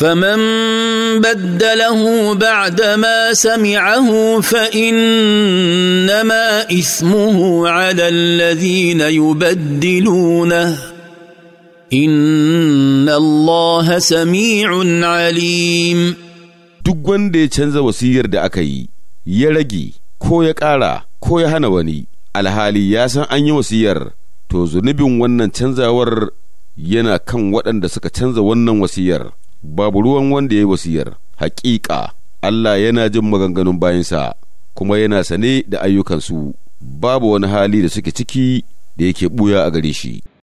فمن بدله بعدما سمعه فانما اثمه على الذين يبدلونه ان الله سميع عليم duk wanda ya canza wasiyar da aka yi ya rage ko ya ƙara ko ya hana wani alhali ya san an yi wasiyar to zunubin wannan canzawar yana kan waɗanda suka canza wannan wasiyar babu ruwan wanda ya yi wasiyar hakika Allah yana jin maganganun bayansa kuma yana sane da ayyukansu babu wani hali da suke ciki da yake buya a gare shi